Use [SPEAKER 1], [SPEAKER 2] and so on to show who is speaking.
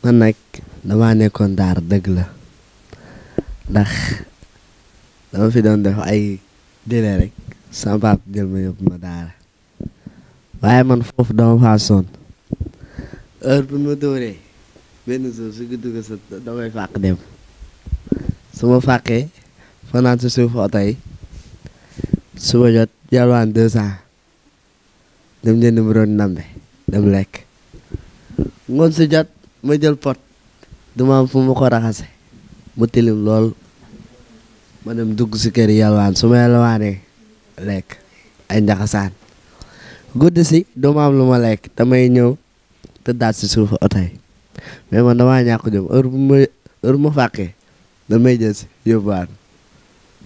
[SPEAKER 1] ma nag damaa nekkoon daar dëgg la ndax dama fi doon def ay délai rek sama pap jël ma yóbbu ma daara waaye man foofu dama faa sonn
[SPEAKER 2] heure ma dóoree benn jour su guddi ko sa damay fàq
[SPEAKER 1] dem su ma fàqee fanaan si suuf jot yalwaan deux cent dem jënd mu nambe dem lekk ngoon jot ma jël pot duma am fu ma ko raxase mu tilim lool ma dem dugg si kër yalwaan su ma yalwaanee lekk ay njaxasaan guddi si duma am lu ma lekk damay ñëw tëddaat si suufu oto yi mais man damaa ñàkk jom heure bu ma heure bu ma jël si